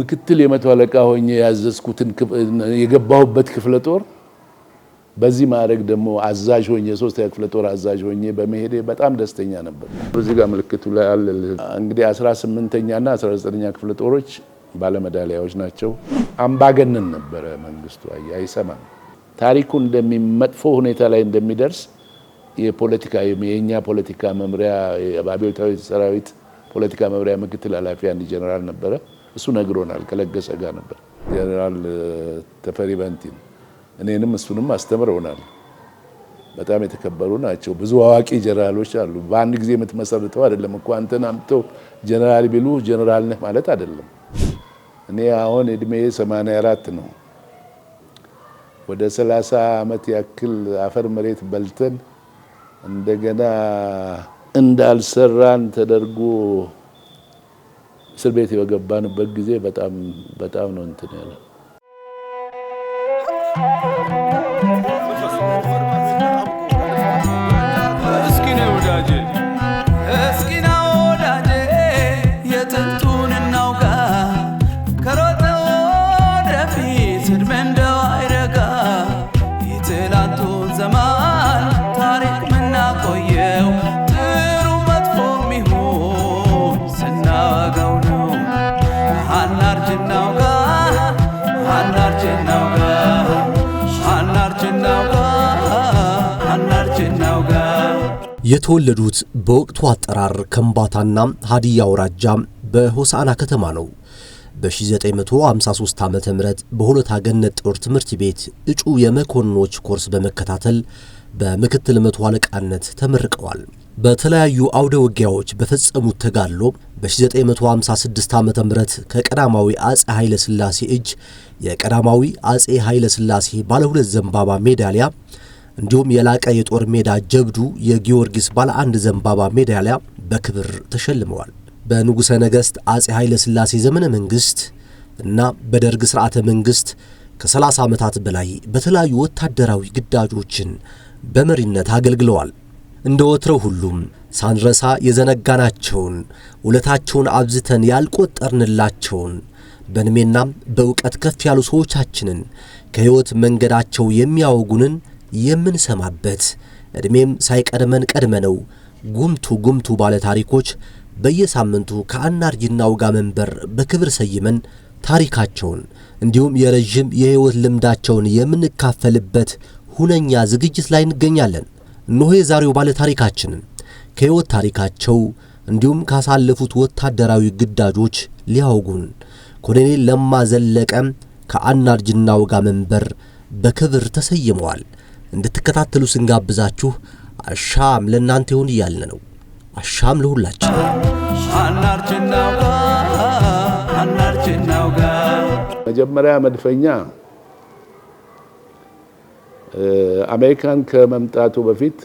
ምክትል የመቶ አለቃ ሆኜ ያዘዝኩትን የገባሁበት ክፍለ ጦር በዚህ ማዕረግ ደግሞ አዛዥ ሆኜ ሶስተኛ ክፍለ ጦር አዛዥ ሆኜ በመሄዴ በጣም ደስተኛ ነበር። በዚህ ጋር ምልክቱ ላይ አለ። እንግዲህ 18ኛና 19ኛ ክፍለ ጦሮች ባለመዳሊያዎች ናቸው። አምባገነን ነበረ መንግስቱ። አይሰማም። ታሪኩ እንደሚመጥፎ ሁኔታ ላይ እንደሚደርስ የፖለቲካ የኛ ፖለቲካ መምሪያ አብዮታዊ ሰራዊት ፖለቲካ መምሪያ ምክትል ኃላፊ አንድ ጀነራል ነበረ እሱ ነግሮናል። ከለገሰ ጋር ነበር ጀነራል ተፈሪ ባንቲን እኔንም እሱንም አስተምረውናል። በጣም የተከበሩ ናቸው። ብዙ አዋቂ ጀነራሎች አሉ። በአንድ ጊዜ የምትመሰርተው አይደለም እኮ አንተን አምጥተው ጀነራል ቢሉ ጀነራል ነህ ማለት አይደለም። እኔ አሁን እድሜ 84 ነው። ወደ 30 ዓመት ያክል አፈር መሬት በልተን እንደገና እንዳልሰራን ተደርጎ እስር ቤት የገባንበት ጊዜ በጣም በጣም ነው እንትን ያለው። የተወለዱት በወቅቱ አጠራር ከምባታና ሀዲያ አውራጃ በሆሳና ከተማ ነው። በ1953 ዓ ምህረት በሁለት አገነት ጦር ትምህርት ቤት እጩ የመኮንኖች ኮርስ በመከታተል በምክትል መቶ አለቃነት ተመርቀዋል። በተለያዩ አውደ ውጊያዎች በፈጸሙት ተጋድሎ በ1956 ዓ ም ከቀዳማዊ አጼ ኃይለ ሥላሴ እጅ የቀዳማዊ አጼ ኃይለ ሥላሴ ባለሁለት ዘንባባ ሜዳሊያ እንዲሁም የላቀ የጦር ሜዳ ጀብዱ የጊዮርጊስ ባለ አንድ ዘንባባ ሜዳሊያ በክብር ተሸልመዋል። በንጉሠ ነገሥት አጼ ኃይለ ሥላሴ ዘመነ መንግሥት እና በደርግ ሥርዓተ መንግሥት ከ30 ዓመታት በላይ በተለያዩ ወታደራዊ ግዳጆችን በመሪነት አገልግለዋል። እንደ ወትረው ሁሉም ሳንረሳ የዘነጋናቸውን ውለታቸውን አብዝተን ያልቆጠርንላቸውን በእድሜና በእውቀት ከፍ ያሉ ሰዎቻችንን ከሕይወት መንገዳቸው የሚያወጉንን የምንሰማበት እድሜም ሳይቀድመን ነው። ጉምቱ ጉምቱ ባለ ታሪኮች በየሳምንቱ ከአናርጅ ጋር መንበር በክብር ሰይመን ታሪካቸውን እንዲሁም የረዥም የህይወት ልምዳቸውን የምንካፈልበት ሁነኛ ዝግጅት ላይ እንገኛለን። እነሆ የዛሬው ባለ ታሪካችን ከህይወት ታሪካቸው እንዲሁም ካሳለፉት ወታደራዊ ግዳጆች ሊያውጉን ኮሎኔል ለማ ዘለቀም ከአናርጅ ጋር መንበር በክብር ተሰይመዋል። እንድትከታተሉ ስንጋብዛችሁ አሻም ለእናንተ ይሁን እያልን ነው። አሻም ለሁላችን። መጀመሪያ መድፈኛ አሜሪካን ከመምጣቱ በፊት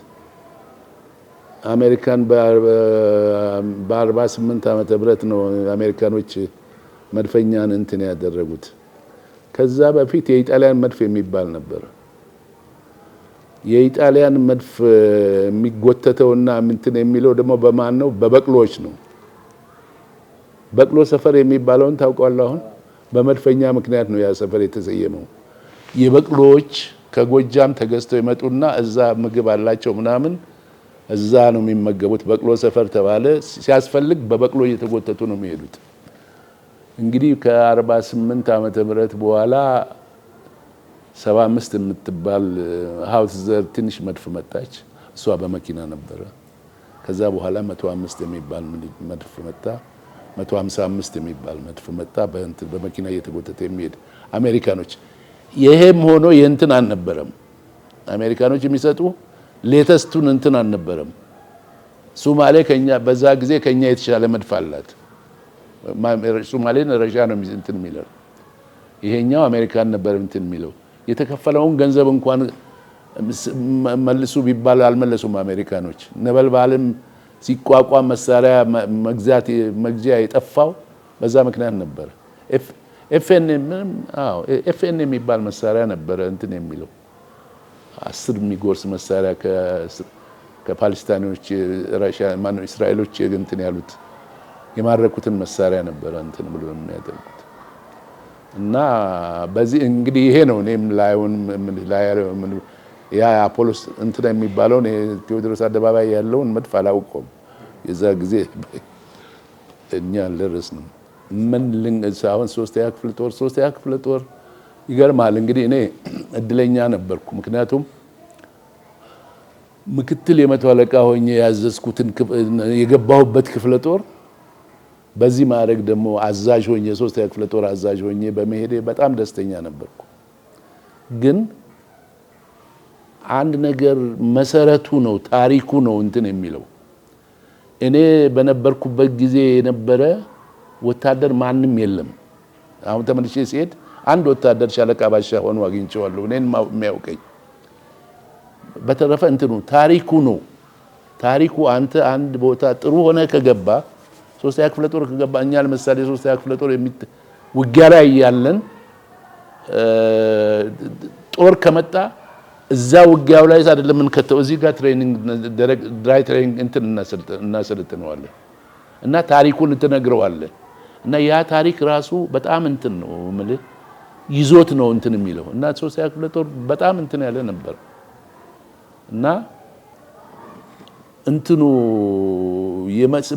አሜሪካን በ48 ዓመተ ምህረት ነው አሜሪካኖች መድፈኛን እንትን ያደረጉት። ከዛ በፊት የኢጣሊያን መድፍ የሚባል ነበር። የኢጣሊያን መድፍ የሚጎተተውና ምንትን የሚለው ደግሞ በማን ነው? በበቅሎዎች ነው። በቅሎ ሰፈር የሚባለውን ታውቋል። አሁን በመድፈኛ ምክንያት ነው ያ ሰፈር የተሰየመው። የበቅሎዎች ከጎጃም ተገዝተው ይመጡና እዛ ምግብ አላቸው ምናምን፣ እዛ ነው የሚመገቡት። በቅሎ ሰፈር ተባለ። ሲያስፈልግ በበቅሎ እየተጎተቱ ነው የሚሄዱት። እንግዲህ ከ48 ዓመተ ምህረት በኋላ ሰባ አምስት የምትባል ሀውስ ዘር ትንሽ መድፍ መጣች። እሷ በመኪና ነበረ። ከዛ በኋላ መቶ አምስት የሚባል መድፍ መጣ። መቶ ሀምሳ አምስት የሚባል መድፍ መጣ። በመኪና እየተጎተተ የሚሄድ አሜሪካኖች። ይሄም ሆኖ የእንትን አልነበረም። አሜሪካኖች የሚሰጡ ሌተስቱን እንትን አልነበረም። ሱማሌ ከኛ በዛ ጊዜ ከኛ የተሻለ መድፍ አላት። ሱማሌን ረሻ ነው እንትን የሚለው ይሄኛው አሜሪካን ነበር እንትን የሚለው የተከፈለውን ገንዘብ እንኳን መልሱ ቢባል አልመለሱም አሜሪካኖች። ነበልባልም ሲቋቋም መሳሪያ መግዛት መግዚያ የጠፋው በዛ ምክንያት ነበር። ኤፍኤን የሚባል መሳሪያ ነበረ እንትን የሚለው አስር የሚጎርስ መሳሪያ ከፓለስታኒዎች እስራኤሎች እንትን ያሉት የማረኩትን መሳሪያ ነበረ እንትን ብሎ የሚያደርጉ እና በዚህ እንግዲህ ይሄ ነው እኔም ላይሆን ያ አፖሎ እንትን የሚባለውን ቴዎድሮስ አደባባይ ያለውን መድፍ አላውቀውም። የዛ ጊዜ እኛ ነው ምን ልንገዛ አሁን ሶስተኛ ክፍለ ጦር ሶስተኛ ክፍለ ጦር ይገርማል። እንግዲህ እኔ እድለኛ ነበርኩ። ምክንያቱም ምክትል የመቶ አለቃ ሆኜ ያዘዝኩትን የገባሁበት ክፍለ ጦር በዚህ ማዕረግ ደግሞ አዛዥ ሆኜ ሶስት ክፍለ ጦር አዛዥ ሆኜ በመሄዴ በጣም ደስተኛ ነበርኩ። ግን አንድ ነገር መሰረቱ ነው፣ ታሪኩ ነው እንትን የሚለው እኔ በነበርኩበት ጊዜ የነበረ ወታደር ማንም የለም። አሁን ተመልሼ ሲሄድ አንድ ወታደር ሻለቃ ባሻ ሆኖ አግኝቼዋለሁ፣ እኔን የሚያውቀኝ። በተረፈ እንትኑ ታሪኩ ነው። ታሪኩ አንተ አንድ ቦታ ጥሩ ሆነ ከገባ ሶስተኛ ክፍለ ጦር ከገባ እኛ ለምሳሌ ሶስተኛ ክፍለ ጦር ውጊያ ላይ ያለን ጦር ከመጣ እዛ ውጊያው ላይ አይደለም የምንከተው፣ እዚህ ጋር ትሬኒንግ ድራይ ትሬኒንግ እንትን እናሰልጥነዋለን እና ታሪኩን እንትነግረዋለን እና ያ ታሪክ ራሱ በጣም እንትን ነው የምልህ ይዞት ነው እንትን የሚለው እና ሶስተኛ ክፍለ ጦር በጣም እንትን ያለ ነበር እና እንትኑ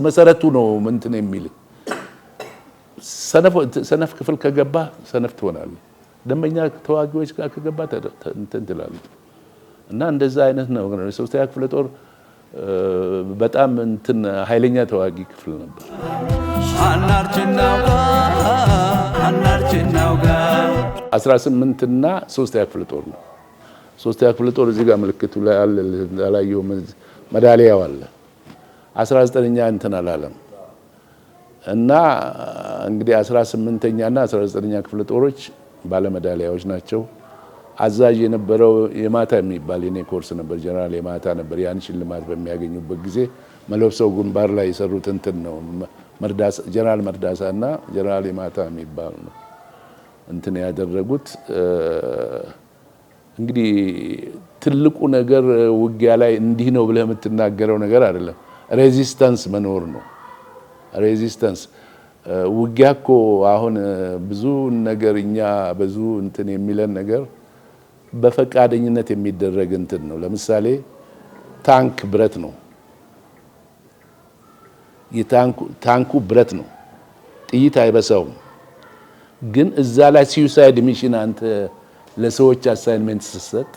መሰረቱ ነው እንትን የሚል ሰነፍ ክፍል ከገባ ሰነፍ ትሆናለህ። ደንበኛ ተዋጊዎች ጋር ከገባ እንትን ትላለህ። እና እንደዛ አይነት ነው። ሶስተኛ ክፍለ ጦር በጣም እንትን ኃይለኛ ተዋጊ ክፍል ነበር። አስራ ስምንት እና ሶስተኛ ክፍለ ጦር ነው። ሶስተኛ ክፍለ ጦር እዚህ ጋር ምልክቱ ላይ አለ። መዳሊያው አለ። 19ኛ እንትን አላለም እና እንግዲህ 18ኛና 19ኛ ክፍለ ጦሮች ባለመዳሊያዎች ናቸው። አዛዥ የነበረው የማታ የሚባል የኔ ኮርስ ነበር። ጀነራል የማታ ነበር። ያን ሽልማት በሚያገኙበት ጊዜ መለብሰው ግንባር ላይ የሰሩት እንትን ነው። ጀነራል መርዳሳ እና ጀነራል የማታ የሚባል ነው እንትን ያደረጉት እንግዲህ ትልቁ ነገር ውጊያ ላይ እንዲህ ነው ብለህ የምትናገረው ነገር አይደለም። ሬዚስተንስ መኖር ነው። ሬዚስተንስ ውጊያ እኮ አሁን ብዙ ነገር እኛ ብዙ እንትን የሚለን ነገር በፈቃደኝነት የሚደረግ እንትን ነው። ለምሳሌ ታንክ ብረት ነው። ታንኩ ብረት ነው፣ ጥይት አይበሳውም። ግን እዛ ላይ ሲዩሳይድ ሚሽን አንተ ለሰዎች አሳይንመንት ስትሰጥ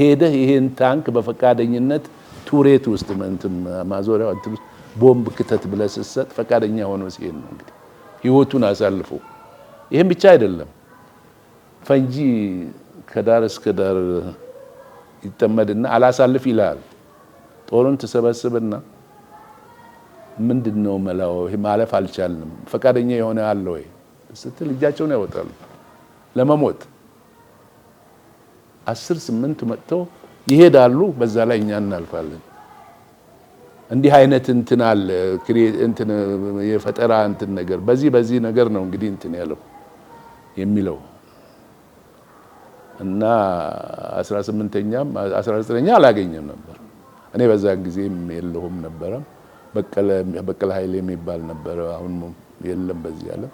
ሄደህ ይሄን ታንክ በፈቃደኝነት ቱሬት ውስጥ ማዞሪያ ቦምብ ክተት ብለህ ስትሰጥ ፈቃደኛ ሆኖ ሲሄድ ነው እንግዲህ ህይወቱን አሳልፎ። ይህም ብቻ አይደለም፣ ፈንጂ ከዳር እስከ ዳር ይጠመድና አላሳልፍ ይላል ጦሩን ትሰበስብና ምንድን ነው መላው ማለፍ አልቻልንም፣ ፈቃደኛ የሆነ አለ ወይ ስትል እጃቸውን ያወጣሉ ለመሞት አስር ስምንት መጥተው ይሄዳሉ። በዛ ላይ እኛ እናልፋለን። እንዲህ አይነት እንትን አለ እንትን የፈጠራ እንትን ነገር በዚህ በዚህ ነገር ነው እንግዲህ እንትን ያለው የሚለው እና 18ኛም 19ኛ አላገኘም ነበር። እኔ በዛን ጊዜም የለሁም ነበረ። በቀለ በቀለ ኃይሌ የሚባል ነበረ። አሁን የለም በዚህ ዓለም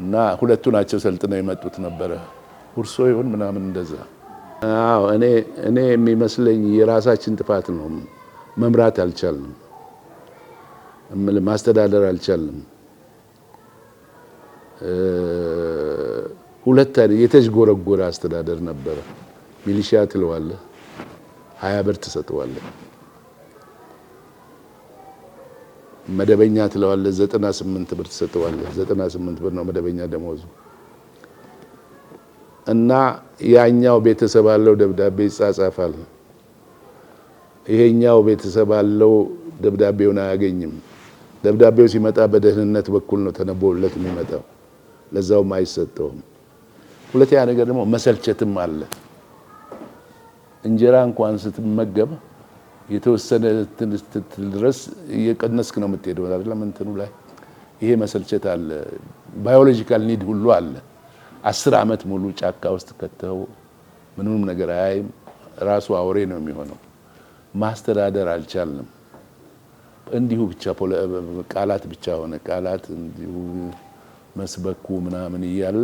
እና ሁለቱ ናቸው ሰልጥነው የመጡት ነበረ። ውርሶ ይሁን ምናምን እንደዛ። አዎ እኔ እኔ የሚመስለኝ የራሳችን ጥፋት ነው። መምራት አልቻልንም፣ ማስተዳደር አልቻልንም። ሁለት የተዥጎረጎረ አስተዳደር ነበረ። ሚሊሻ ትለዋለህ፣ ሀያ ብር ትሰጠዋለህ። መደበኛ ትለዋለህ፣ ዘጠና ስምንት ብር ትሰጠዋለህ። ዘጠና ስምንት ብር ነው መደበኛ ደመወዙ። እና ያኛው ቤተሰብ አለው ደብዳቤ ይጻጻፋል። ይሄኛው ቤተሰብ አለው ደብዳቤውን አያገኝም። ደብዳቤው ሲመጣ በደህንነት በኩል ነው ተነቦለት የሚመጣው፣ ለዛውም አይሰጠውም። ሁለተኛ ነገር ደግሞ መሰልቸትም አለ። እንጀራ እንኳን ስትመገብ የተወሰነ ድረስ እየቀነስክ ነው የምትሄደው አይደለም፣ እንትኑ ላይ ይሄ መሰልቸት አለ። ባዮሎጂካል ኒድ ሁሉ አለ። አስር ዓመት ሙሉ ጫካ ውስጥ ከተው ምንም ነገር አያይም። ራሱ አውሬ ነው የሚሆነው። ማስተዳደር አልቻልንም። እንዲሁ ብቻ ቃላት ብቻ ሆነ። ቃላት እንዲሁ መስበኩ ምናምን እያለ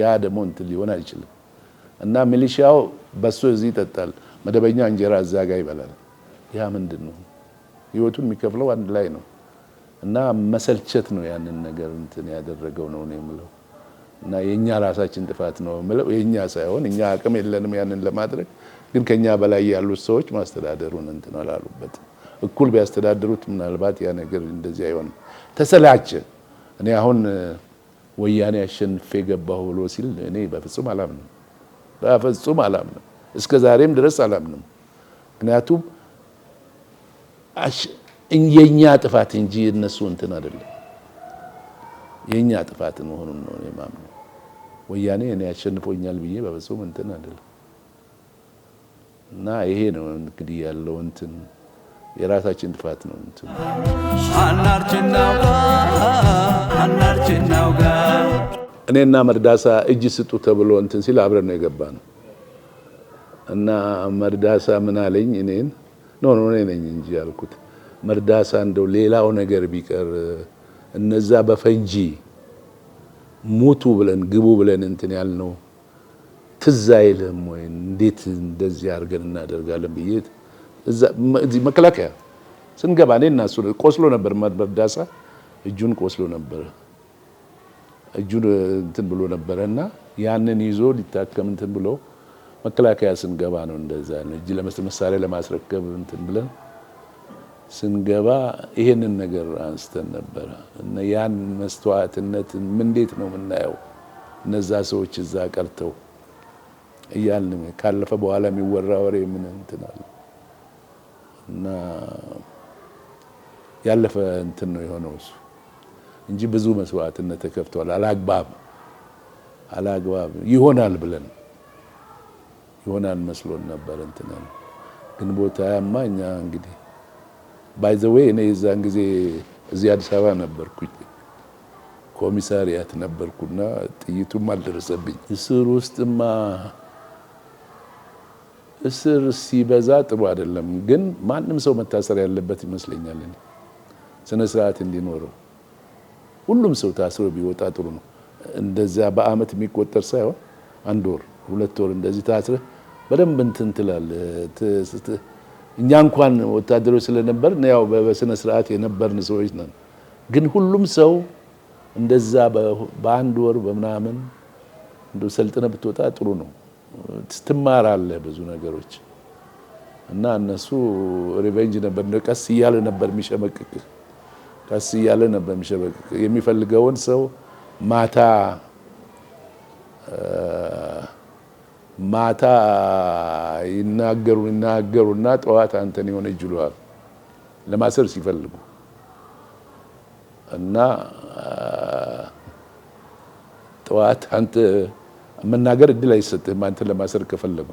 ያ ደግሞ እንትን ሊሆን አይችልም። እና ሚሊሻው በሱ እዚህ ይጠጣል፣ መደበኛ እንጀራ እዛ ጋ ይበላል። ያ ምንድን ነው ህይወቱን የሚከፍለው አንድ ላይ ነው። እና መሰልቸት ነው ያንን ነገር እንትን ያደረገው ነው ነው የምለው እና የእኛ ራሳችን ጥፋት ነው የምለው የእኛ ሳይሆን እኛ አቅም የለንም ያንን ለማድረግ ግን ከኛ በላይ ያሉት ሰዎች ማስተዳደሩን እንትን አላሉበትም። እኩል ቢያስተዳድሩት ምናልባት ያ ነገር እንደዚህ አይሆንም። ተሰላቸ። እኔ አሁን ወያኔ አሸንፌ ገባሁ ብሎ ሲል እኔ በፍጹም አላምንም፣ በፍጹም አላምንም። እስከ ዛሬም ድረስ አላምንም። ምክንያቱም የእኛ ጥፋት እንጂ እነሱ እንትን አይደለም። የእኛ ጥፋት መሆኑን ነው የማምነው። ወያኔ እኔ ያሸንፎኛል ብዬ በፍጹም እንትን አይደለም። እና ይሄ ነው እንግዲህ ያለው እንትን የራሳችን ጥፋት ነው። እንትን እኔና መርዳሳ እጅ ስጡ ተብሎ እንትን ሲል አብረን ነው የገባ ነው። እና መርዳሳ ምን አለኝ እኔን ኖ ኖ እኔ ነኝ እንጂ ያልኩት መርዳሳ እንደው ሌላው ነገር ቢቀር እነዛ በፈንጂ ሙቱ ብለን ግቡ ብለን እንትን ያልነው ትዝ አይልም ወይ? እንዴት እንደዚህ አድርገን እናደርጋለን ብዬ እዛ እዚህ መከላከያ ስንገባ እኔ እና እሱ ቆስሎ ነበር። መርዳሳ እጁን ቆስሎ ነበረ እጁን እንትን ብሎ ነበረ እና ያንን ይዞ ሊታከም እንትን ብሎ መከላከያ ስንገባ ነው እንደዛ ነው እጅ መሳሪያ ለማስረከብ እንትን ብለን ስንገባ ይሄንን ነገር አንስተን ነበረ። ያን መስተዋዕትነት እንዴት ነው የምናየው? እነዛ ሰዎች እዛ ቀርተው እያልን ካለፈ በኋላ የሚወራ ወሬ ምን እንትን አለ እና ያለፈ እንትን ነው የሆነው እሱ እንጂ ብዙ መስዋዕትነት ተከፍቷል። አላግባብ አላግባብ ይሆናል ብለን ይሆናል መስሎን ነበር እንትን ግንቦት ሃያማ እኛ እንግዲህ ባይ ዘ ዌይ እኔ የዛን ጊዜ እዚህ አዲስ አበባ ነበርኩኝ ኮሚሳሪያት ነበርኩና ጥይቱም አልደረሰብኝ። እስር ውስጥማ እስር ሲበዛ ጥሩ አይደለም፣ ግን ማንም ሰው መታሰር ያለበት ይመስለኛል። እኔ ስነ ስርዓት እንዲኖረው ሁሉም ሰው ታስሮ ቢወጣ ጥሩ ነው። እንደዚያ በአመት የሚቆጠር ሳይሆን አንድ ወር ሁለት ወር እንደዚህ ታስረህ በደንብ እንትን ትላለህ እኛ እንኳን ወታደሮች ስለነበር ያው በስነ ስርዓት የነበርን ሰዎች ነን። ግን ሁሉም ሰው እንደዛ በአንድ ወር በምናምን እንደ ሰልጥነ ብትወጣ ጥሩ ነው። ትማራለህ ብዙ ነገሮች እና እነሱ ሪቬንጅ ነበር። ቀስ እያለ ነበር የሚሸመቅቅ ቀስ እያለ ነበር የሚሸመቅቅ የሚፈልገውን ሰው ማታ ማታ ይናገሩ ይናገሩና ጠዋት አንተን የሆነ ይችሏል ለማሰር ሲፈልጉ እና ጠዋት አንተ መናገር እድል አይሰጥህም። አንተ ለማሰር ከፈለጉ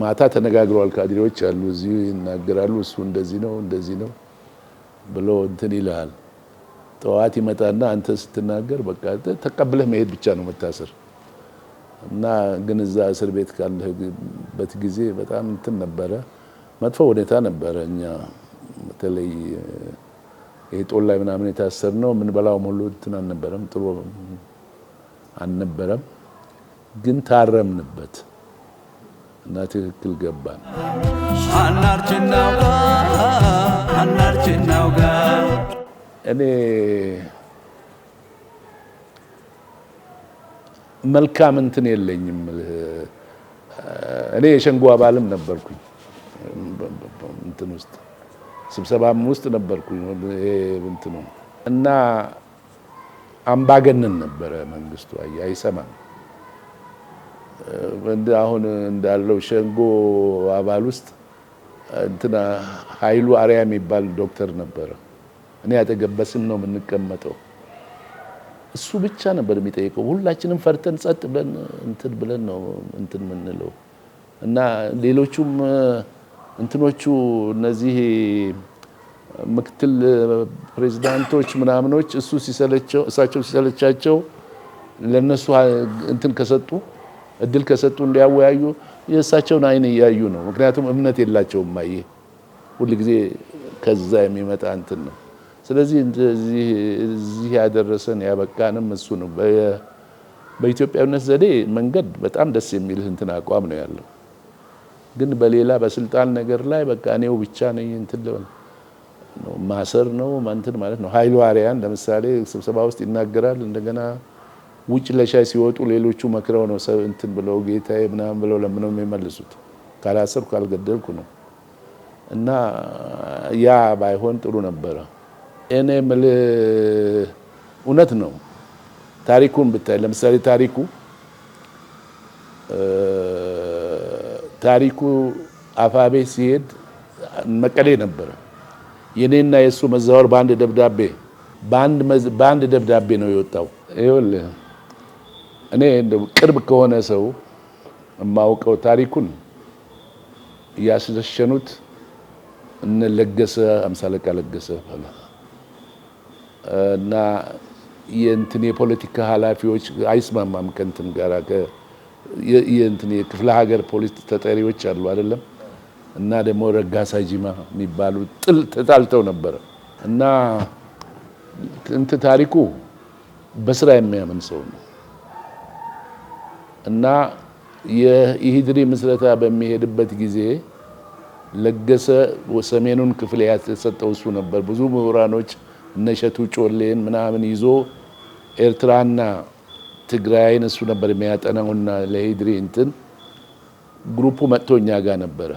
ማታ ተነጋግረዋል። ካድሬዎች አሉ እዚሁ ይናገራሉ። እሱ እንደዚህ ነው እንደዚህ ነው ብሎ እንትን ይልሃል። ጠዋት ይመጣና አንተ ስትናገር በቃ ተቀብለህ መሄድ ብቻ ነው መታሰር እና ግን እዛ እስር ቤት ካለበት ጊዜ በጣም እንትን ነበረ፣ መጥፎ ሁኔታ ነበረ። እኛ በተለይ ይሄ ጦር ላይ ምናምን የታሰር ነው የምንበላውም ሁሉ እንትን አልነበረም፣ ጥሩ አልነበረም። ግን ታረምንበት እና ትክክል ገባን። እኔ መልካም እንትን የለኝም። እኔ የሸንጎ አባልም ነበርኩኝ እንትን ውስጥ ስብሰባም ውስጥ ነበርኩኝ እንትኑ እና አምባገነን ነበረ መንግስቱ። አየህ አይሰማም። አሁን እንዳለው ሸንጎ አባል ውስጥ እንትና ኃይሉ አርያ የሚባል ዶክተር ነበረ። እኔ በስም ነው የምንቀመጠው እሱ ብቻ ነበር የሚጠይቀው። ሁላችንም ፈርተን ጸጥ ብለን እንትን ብለን ነው እንትን የምንለው እና ሌሎቹም እንትኖቹ እነዚህ ምክትል ፕሬዚዳንቶች ምናምኖች እሱ ሲሰለቸው እሳቸው ሲሰለቻቸው ለነሱ እንትን ከሰጡ እድል ከሰጡ እንዲያወያዩ የእሳቸውን አይን እያዩ ነው። ምክንያቱም እምነት የላቸውም። አየህ ሁልጊዜ ከዛ የሚመጣ እንትን ነው። ስለዚህ እዚህ ለዚህ ያደረሰን ያበቃንም እሱ ነው። በኢትዮጵያዊነት ዘዴ መንገድ በጣም ደስ የሚል እንትን አቋም ነው ያለው። ግን በሌላ በስልጣን ነገር ላይ በቃ እኔው ብቻ ነኝ እንትን ማሰር ነው እንትን ማለት ነው። ኃይሉ አርያን ለምሳሌ ስብሰባ ውስጥ ይናገራል። እንደገና ውጭ ለሻይ ሲወጡ ሌሎቹ መክረው ነው እንትን ብለው ጌታዬ ምናምን ብለው ለምነው የሚመልሱት ካላሰርኩ ካልገደልኩ ነው። እና ያ ባይሆን ጥሩ ነበረ። እኔ ምልህ እውነት ነው። ታሪኩን ብታይ ለምሳሌ ታሪኩ ታሪኩ አፋቤ ሲሄድ መቀሌ ነበረ። የኔና የእሱ መዛወር በአንድ ደብዳቤ በአንድ ደብዳቤ ነው የወጣው። ይኸውልህ እኔ ቅርብ ከሆነ ሰው የማውቀው ታሪኩን ያስለሸኑት እነ ለገሰ አምሳለቃ ለገሰ እና የእንትን የፖለቲካ ኃላፊዎች አይስማማም ከእንትን ጋር የእንትን የክፍለ ሀገር ፖሊስ ተጠሪዎች አሉ አይደለም። እና ደግሞ ረጋሳ ጂማ የሚባሉ ጥል ተጣልተው ነበረ እና እንት ታሪኩ በስራ የሚያምን ሰው ነው እና የኢህድሪ ምስረታ በሚሄድበት ጊዜ ለገሰ ሰሜኑን ክፍል የሰጠው እሱ ነበር። ብዙ ምሁራኖች እነ እሸቱ ጮሌን ምናምን ይዞ ኤርትራና ትግራይን እሱ ነበር የሚያጠናውና ለኢድሪ እንትን ግሩፑ መጥቶ እኛ ጋር ነበረ።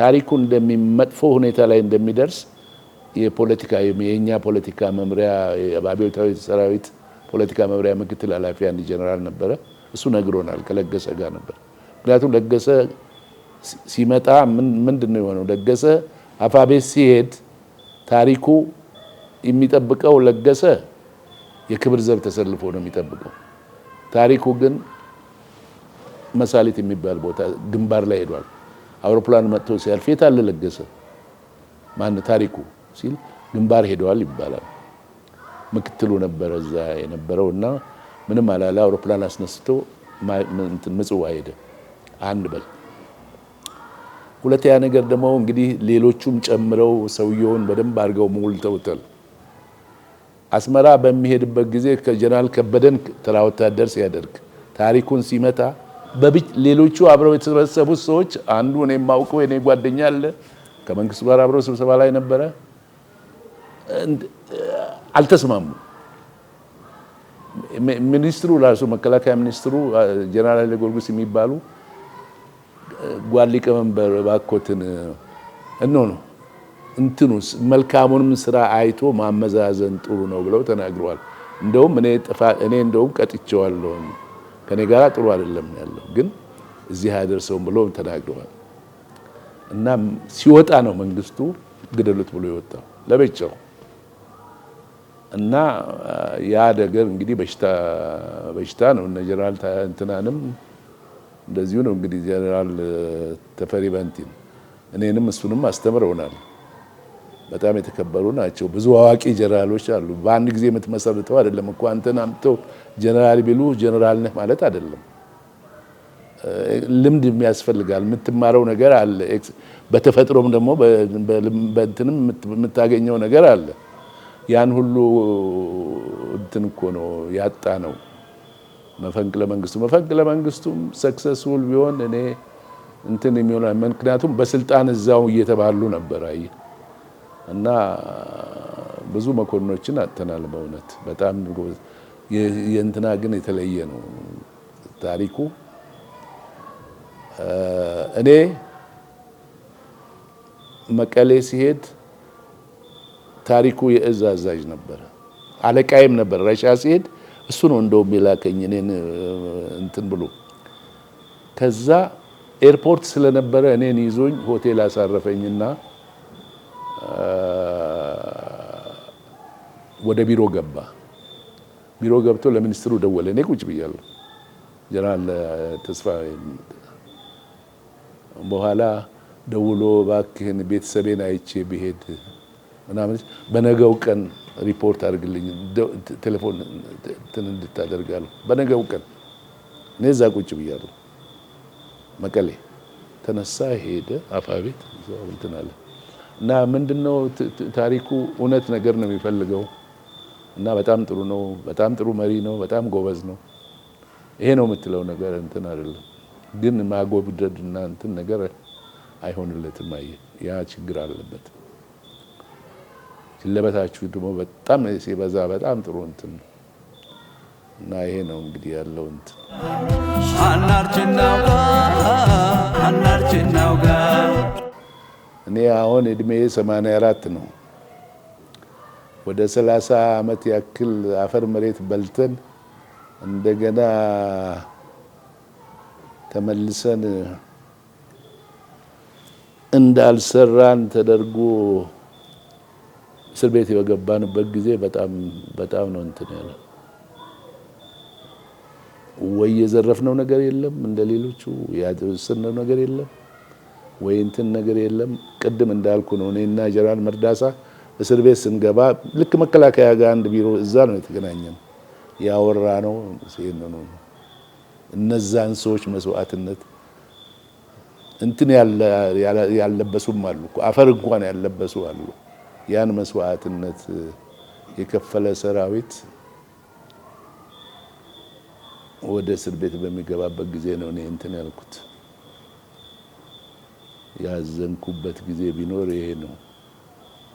ታሪኩ እንደሚመጥፎ ሁኔታ ላይ እንደሚደርስ የፖለቲካ የእኛ ፖለቲካ መምሪያ የአብዮታዊ ሰራዊት ፖለቲካ መምሪያ ምክትል ኃላፊ አንድ ጀነራል ነበረ። እሱ ነግሮናል። ከለገሰ ጋር ነበር። ምክንያቱም ለገሰ ሲመጣ ምንድን ነው የሆነው? ለገሰ አፋቤት ሲሄድ ታሪኩ የሚጠብቀው ለገሰ የክብር ዘብ ተሰልፎ ነው የሚጠብቀው። ታሪኩ ግን መሳሌት የሚባል ቦታ ግንባር ላይ ሄዷል። አውሮፕላን መጥቶ ሲያልፍ አለለገሰ ለገሰ ማን ታሪኩ ሲል ግንባር ሄደዋል ይባላል። ምክትሉ ነበረ እዛ የነበረው እና ምንም አላለ። አውሮፕላን አስነስቶ ምጽዋ ሄደ። አንድ በል ሁለተኛ ነገር ደግሞ እንግዲህ ሌሎቹም ጨምረው ሰውየውን በደንብ አድርገው ሞልተውታል። አስመራ በሚሄድበት ጊዜ ከጀነራል ከበደን ተራ ወታደር ሲያደርግ ታሪኩን ሲመታ ሌሎቹ አብረው የተሰበሰቡ ሰዎች አንዱ እኔ የማውቀው የኔ ጓደኛ አለ ከመንግስቱ ጋር አብረው ስብሰባ ላይ ነበረ። አልተስማሙ። ሚኒስትሩ ራሱ መከላከያ ሚኒስትሩ ጀነራል ኃይሌ ጊዮርጊስ የሚባሉ ጓድ ሊቀመንበር ባኮትን እኖ ነው እንትኑስ መልካሙንም ስራ አይቶ ማመዛዘን ጥሩ ነው ብለው ተናግረዋል። እንደውም እኔ ጥፋ እኔ እንደውም ቀጥቼዋለሁ ከኔ ጋር ጥሩ አይደለም ያለው ግን እዚህ አያደርሰውም ብሎ ተናግረዋል። እና ሲወጣ ነው መንግስቱ ግደሉት ብሎ የወጣው ለብቻው እና ያ ነገር እንግዲህ በሽታ በሽታ ነው። እነ ጀነራል እንትናንም እንደዚሁ ነው እንግዲህ ጀነራል ተፈሪ በንቲን እኔንም እሱንም አስተምረውናል። በጣም የተከበሩ ናቸው። ብዙ አዋቂ ጀነራሎች አሉ። በአንድ ጊዜ የምትመሰርተው አይደለም እኮ አንተን አምጥተው ጀነራል ቢሉ ጀነራል ነህ ማለት አይደለም። ልምድ ያስፈልጋል። የምትማረው ነገር አለ። በተፈጥሮም ደግሞ በእንትንም የምታገኘው ነገር አለ። ያን ሁሉ እንትን እኮ ነው ያጣ ነው መፈንቅለ መንግስቱ። መፈንቅለ መንግስቱም ሰክሰስፉል ቢሆን እኔ እንትን የሚሆነ ምክንያቱም በስልጣን እዛው እየተባሉ ነበር። አየህ እና ብዙ መኮንኖችን አጥተናል። በእውነት በጣም የእንትና ግን የተለየ ነው ታሪኩ። እኔ መቀሌ ሲሄድ ታሪኩ የእዝ አዛዥ ነበረ፣ አለቃይም ነበር። ረሻ ሲሄድ እሱ ነው እንደውም የላከኝ እኔን እንትን ብሎ ከዛ ኤርፖርት ስለነበረ እኔን ይዞኝ ሆቴል አሳረፈኝና ወደ ቢሮ ገባ። ቢሮ ገብቶ ለሚኒስትሩ ደወለ። እኔ ቁጭ ብያለሁ። ጀነራል ተስፋ በኋላ ደውሎ እባክህን ቤተሰቤን አይቼ ብሄድ ምናምን በነገው ቀን ሪፖርት አድርግልኝ ቴሌፎን እንትን እንድታደርጋለሁ። በነገው ቀን እኔ እዛ ቁጭ ብያለሁ። መቀሌ ተነሳ ሄደ። አፋ ቤት እንትን አለ እና ምንድነው ታሪኩ እውነት ነገር ነው የሚፈልገው እና በጣም ጥሩ ነው። በጣም ጥሩ መሪ ነው። በጣም ጎበዝ ነው። ይሄ ነው የምትለው ነገር እንትን አይደለም፣ ግን ማጎብደድ እና እንትን ነገር አይሆንለትም። አየ ያ ችግር አለበት። ሲለበታችሁ ደግሞ በጣም ሲበዛ በጣም ጥሩ እንትን ነው እና ይሄ ነው እንግዲህ ያለው እንትን እኔ አሁን እድሜ 84 ነው። ወደ 30 ዓመት ያክል አፈር መሬት በልተን እንደገና ተመልሰን እንዳልሰራን ተደርጎ እስር ቤት የገባንበት ጊዜ በጣም በጣም ነው እንትን ያለ ወይ የዘረፍነው ነገር የለም፣ እንደ ሌሎቹ ያስነው ነገር የለም። ወይ እንትን ነገር የለም። ቅድም እንዳልኩ ነው እኔና ጀራል መርዳሳ እስር ቤት ስንገባ ልክ መከላከያ ጋር አንድ ቢሮ እዛ ነው የተገናኘን። ያወራ ነው ነው እነዛን ሰዎች መስዋዕትነት እንትን ያለበሱም አሉ፣ አፈር እንኳን ያለበሱ አሉ። ያን መስዋዕትነት የከፈለ ሰራዊት ወደ እስር ቤት በሚገባበት ጊዜ ነው እኔ እንትን ያልኩት። ያዘንኩበት ጊዜ ቢኖር ይሄ ነው።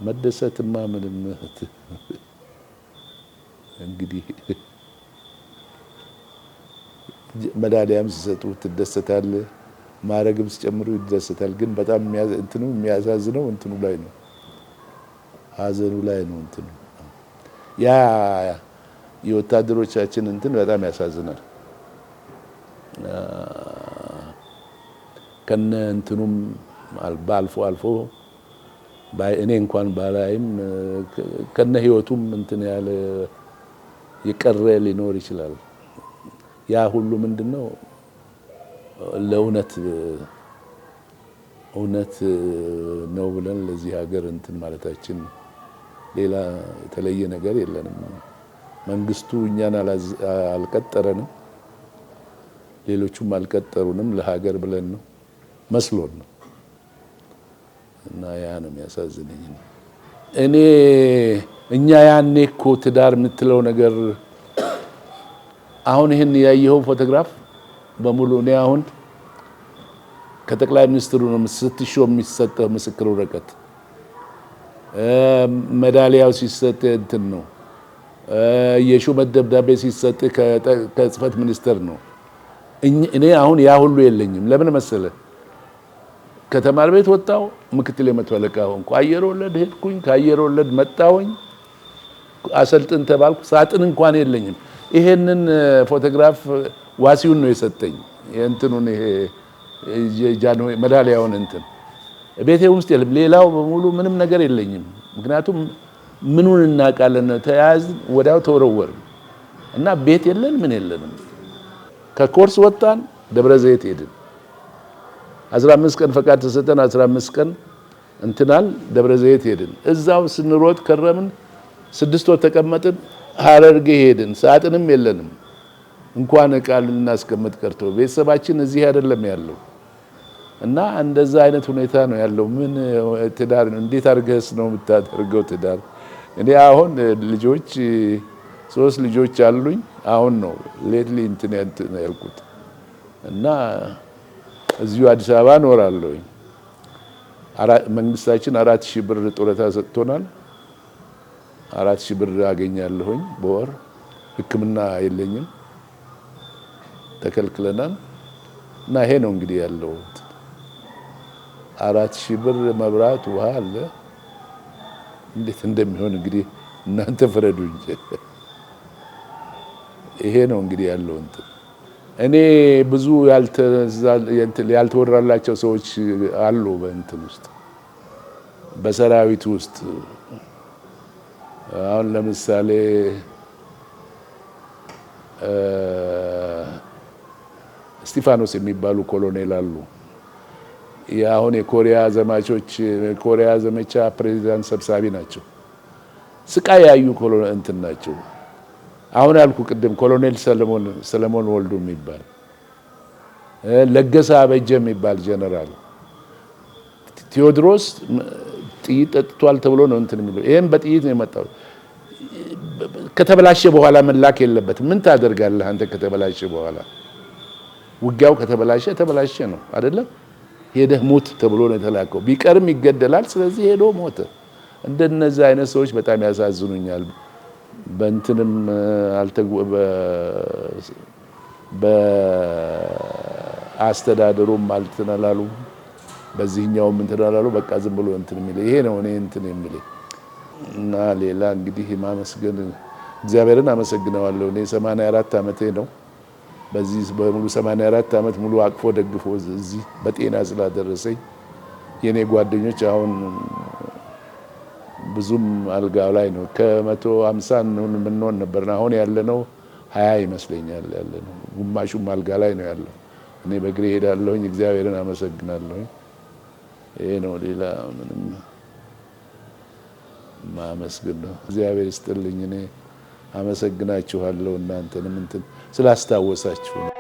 መደሰትማ ምንም እንግዲህ መዳሊያም ሲሰጡ ትደሰታል፣ ማረግም ሲጨምሩ ይደሰታል። ግን በጣም እንትኑ የሚያሳዝነው እንትኑ ላይ ነው፣ ሀዘኑ ላይ ነው። እንትኑ ያ የወታደሮቻችን እንትን በጣም ያሳዝናል። ከነ እንትኑም አልፎ አልፎ እኔ እንኳን ባላይም ከነ ህይወቱም እንትን ያለ የቀረ ሊኖር ይችላል። ያ ሁሉ ምንድን ነው ለእውነት እውነት ነው ብለን ለዚህ ሀገር እንትን ማለታችን ሌላ የተለየ ነገር የለንም። መንግስቱ እኛን አልቀጠረንም፣ ሌሎቹም አልቀጠሩንም። ለሀገር ብለን ነው። መስሎን ነው እና ያ ነው የሚያሳዝነኝ። እኔ እኛ ያኔ እኮ ትዳር የምትለው ነገር አሁን ይህን ያየኸው ፎቶግራፍ በሙሉ እኔ አሁን ከጠቅላይ ሚኒስትሩ ነው ስትሾ የሚሰጠህ ምስክር ወረቀት፣ መዳሊያው ሲሰጥ እንትን ነው፣ የሹመት ደብዳቤ ሲሰጥ ከጽህፈት ሚኒስቴር ነው። እኔ አሁን ያ ሁሉ የለኝም። ለምን መሰለህ? ከተማር ቤት ወጣው ምክትል የመቶ አለቃ ሆንኩ። አየር ወለድ ሄድኩኝ። ከአየር ወለድ መጣሁኝ። አሰልጥን ተባልኩ። ሳጥን እንኳን የለኝም። ይሄንን ፎቶግራፍ ዋሲውን ነው የሰጠኝ። እንትኑን ይሄ ጃንሆይ መዳሊያውን እንትን ቤቴ ውስጥ የለም። ሌላው በሙሉ ምንም ነገር የለኝም። ምክንያቱም ምኑን እናውቃለን? ተያያዝን፣ ወዲያው ተወረወርን እና ቤት የለን ምን የለንም። ከኮርስ ወጣን፣ ደብረ ዘይት ሄድን። 15 ቀን ፈቃድ ተሰጠን። 15 ቀን እንትናል ደብረ ዘይት ሄድን። እዛው ስንሮጥ ከረምን። ስድስት ወር ተቀመጥን። ሀረርጌ ሄድን። ሳጥንም የለንም እንኳን እቃ ልናስቀምጥ ቀርቶ ቤተሰባችን እዚህ አይደለም ያለው እና እንደዛ አይነት ሁኔታ ነው ያለው። ምን ትዳር ነው? እንዴት አድርገስ ነው የምታደርገው ትዳር? እኔ አሁን ልጆች ሶስት ልጆች አሉኝ። አሁን ነው ሌትሊ እንትን ያልኩት እና እዚሁ አዲስ አበባ እኖራለሁ። መንግስታችን አራት ሺህ ብር ጡረታ ሰጥቶናል። አራት ሺህ ብር አገኛለሁኝ በወር ሕክምና የለኝም ተከልክለናል። እና ይሄ ነው እንግዲህ ያለው አራት ሺህ ብር መብራት፣ ውሃ አለ። እንዴት እንደሚሆን እንግዲህ እናንተ ፍረዱ እንጂ ይሄ ነው እንግዲህ ያለው እንትን እኔ ብዙ ያልተወራላቸው ሰዎች አሉ። በእንትን ውስጥ በሰራዊት ውስጥ አሁን ለምሳሌ እስጢፋኖስ የሚባሉ ኮሎኔል አሉ። የአሁን የኮሪያ ዘማቾች ኮሪያ ዘመቻ ፕሬዚዳንት ሰብሳቢ ናቸው። ስቃይ ያዩ ኮሎኔል እንትን ናቸው። አሁን ያልኩ ቅድም ኮሎኔል ሰለሞን ወልዱ የሚባል ለገሰ አበጀ የሚባል ጀነራል ቴዎድሮስ ጥይት ጠጥቷል ተብሎ ነው እንትን የሚለው ይህም በጥይት ነው የመጣው። ከተበላሸ በኋላ መላክ የለበት ምን ታደርጋለህ አንተ? ከተበላሸ በኋላ ውጊያው ከተበላሸ ተበላሸ ነው አይደለም። ሄደህ ሞት ተብሎ ነው የተላከው። ቢቀርም ይገደላል። ስለዚህ ሄዶ ሞተ። እንደነዚህ አይነት ሰዎች በጣም ያሳዝኑኛል። በእንትንም በአስተዳደሩም እንትን አላሉም፣ በዚህኛውም እንትን አላሉ። በቃ ዝም ብሎ እንትን የሚል ይሄ ነው እኔ እንትን የሚል እና ሌላ እንግዲህ ማመስገን እግዚአብሔርን አመሰግነዋለሁ። እኔ 84 ዓመቴ ነው። በዚህ በሙሉ 84 ዓመት ሙሉ አቅፎ ደግፎ እዚህ በጤና ስላደረሰኝ የእኔ ጓደኞች አሁን ብዙም አልጋው ላይ ነው። ከመቶ ሃምሳ የምንሆን ነበር። አሁን ያለነው ሀያ ይመስለኛል ያለነው፣ ግማሹም አልጋ ላይ ነው ያለው። እኔ በእግሬ ሄዳለሁኝ። እግዚአብሔርን አመሰግናለሁኝ። ይሄ ነው። ሌላ ምንም ማመስገን ነው። እግዚአብሔር ይስጥልኝ። እኔ አመሰግናችኋለሁ እናንተንም እንትን ስላስታወሳችሁ ነው።